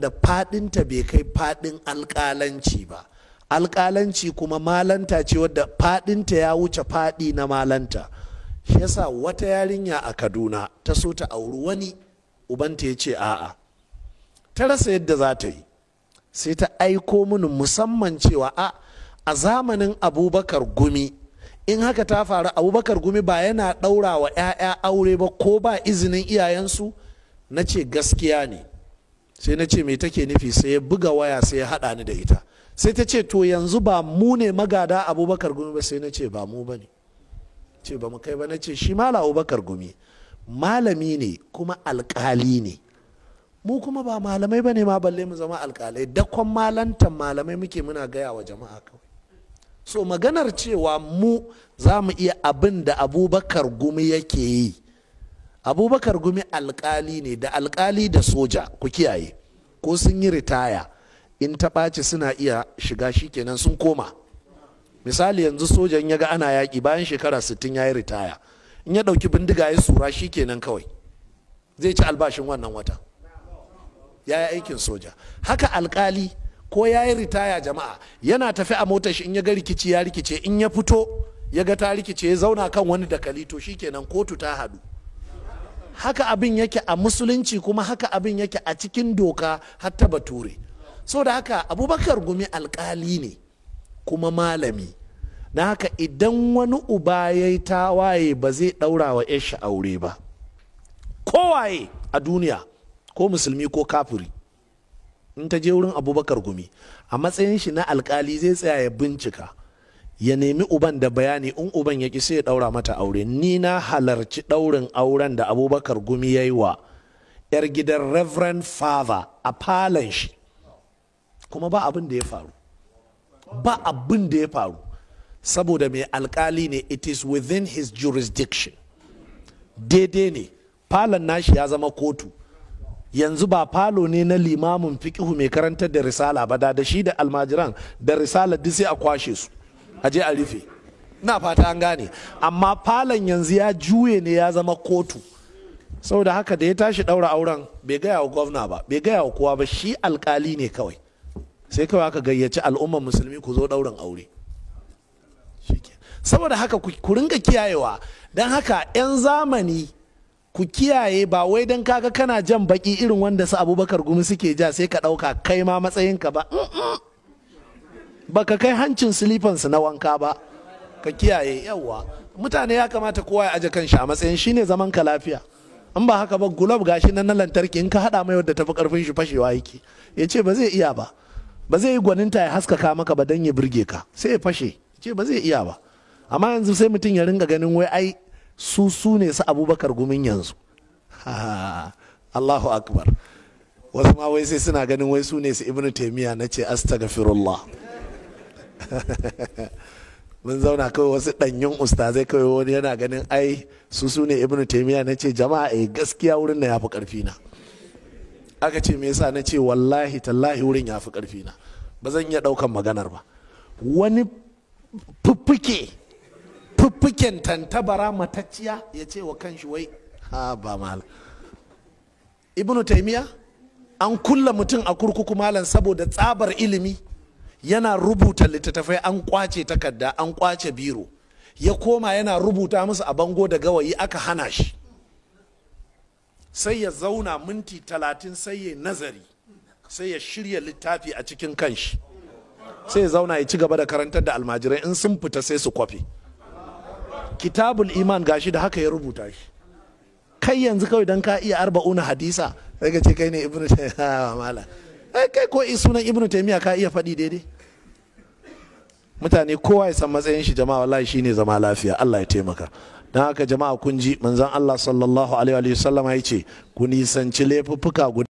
da faɗinta bai kai faɗin alƙalanci ba alƙalanci kuma malanta ce wadda faɗinta ya wuce faɗi na malanta shi yasa wata yarinya a kaduna ta so ta auri wani ubanta ya ce a'a ta rasa yadda za ta yi sai ta aiko mini musamman cewa a a zamanin abubakar gumi in haka ta faru abubakar gumi ba yana ɗaura wa 'ya'ya aure ba ko ba izinin iyayensu na ce gaskiya ne sai na ce me take nufi sai ya buga waya sai ya haɗa ni da ita sai ta ce to yanzu ba mu ne magada abubakar gumi ba sai na ce ba mu ba ne ce ba mu kai ba na ce shi mala abubakar gumi malami ne kuma alkali ne mu kuma ba malamai ba ne ma balle mu zama alkalai dakon malantan malamai muke muna gaya wa jama'a kawai so maganar cewa mu za mu iya abin da abubakar gumi yake yi abubakar gumi alkali ne da alkali da soja ku kiyaye ko sun yi ritaya in ta ɓaci suna iya shiga shikenan sun koma misali yanzu sojan ya ga ana yaƙi bayan shekara 60 ya yi ritaya in ya ɗauki bindiga ya sura shikenan kawai zai ci albashin wannan wata ya yi aikin soja haka alkali ko ya yi ritaya jama'a yana tafi a motar shi in ya ga rikici ya rikice in ya fito ya ga ta rikice ya zauna kan wani dakali to shikenan kotu ta haɗu haka abin yake a musulunci kuma haka abin yake a cikin doka har ta bature so da haka abubakar gumi alkali ne kuma malami na haka idan wani uba ya yi tawaye ba zai ɗaura wa yashi aure ba kowaye a duniya ko musulmi ko kafiri in ta je wurin abubakar gumi a matsayin shi na alkali zai tsaya ya bincika ya nemi uban da bayani in uban ya ki sai ya ɗaura mata aure ni na halarci ɗaurin auren da abubakar gumi ya yi wa 'yar gidan reverend father a falon shi kuma ba abin da ya faru ba abin da ya faru saboda mai alkali ne it is within his jurisdiction daidai ne falon nashi ya zama kotu yanzu ba falo ne na limamin fikihu mai karantar da risala ba da shi da almajiran da risala duk sai a kwashe su Aje a rufe na fata an gane amma falon yanzu ya juye ne ya zama kotu saboda haka da ya tashi daura auren bai gaya wa gwamna ba bai gaya wa kowa ba shi alkali ne kawai sai kawai aka gayyaci al'ummar musulmi ku zo daurin aure saboda haka ku ringa kiyayewa don haka 'yan zamani ku kiyaye ba wai don kaga kana jan baki irin wanda su abubakar gumi suke ja sai ka ɗauka kai ma matsayinka ba baka kai hancin silifansu na wanka ba ka kiyaye yawa mutane ya kamata kowa ya aje kanshi a matsayin shine zaman ka lafiya in ba haka ba gulab gashi nan na lantarki in ka hada mai wadda tafi karfin shi fashewa yake ya ce ba zai iya ba ba zai yi gwaninta ya haskaka maka ba dan ya burge ka sai ya fashe ya ce ba zai iya ba amma yanzu sai mutum ya ringa ganin wai ai su su ne su abubakar gumin yanzu Allahu akbar wasu ma wai sai suna ganin wai su ne su ibnu taimiyya na ce astaghfirullah mun zauna kawai wasu ɗanyun ustazai kawai wani yana ganin ai su su ne ibnu taimiyya na ce jama'a eh gaskiya wurin na ya fi ƙarfi na aka ce me yasa na ce wallahi tallahi wurin ya fi ƙarfi na ba zan iya ɗaukan maganar ba wani fuffuke fuffuken tantabara matacciya ya ce wa shi wai ha ba mal ibnu taimiyya an kulla mutum a kurkuku malam saboda tsabar ilimi yana rubuta littattafai an kwace takarda an kwace biro ya koma yana rubuta musu a bango da gawayi aka hana shi sai ya zauna minti talatin sai ya nazari sai ya shirya littafi a cikin kanshi sai ya zauna ya ci gaba da karantar da almajirai in sun fita sai su kwafi kitabul iman gashi da haka ya rubuta shi kai yanzu kawai don ka iya arba'una hadisa sai ka ce kai ne ibnu mala ai kai ko sunan ibnu taimiyya ka iya faɗi daidai mutane kowa ya san matsayin shi jama'a wallahi ne zama lafiya Allah ya taimaka na haka jama'a kun ji manzon Allah sallallahu alaihi wa sallama ya ce ku nisanci laifuffuka guda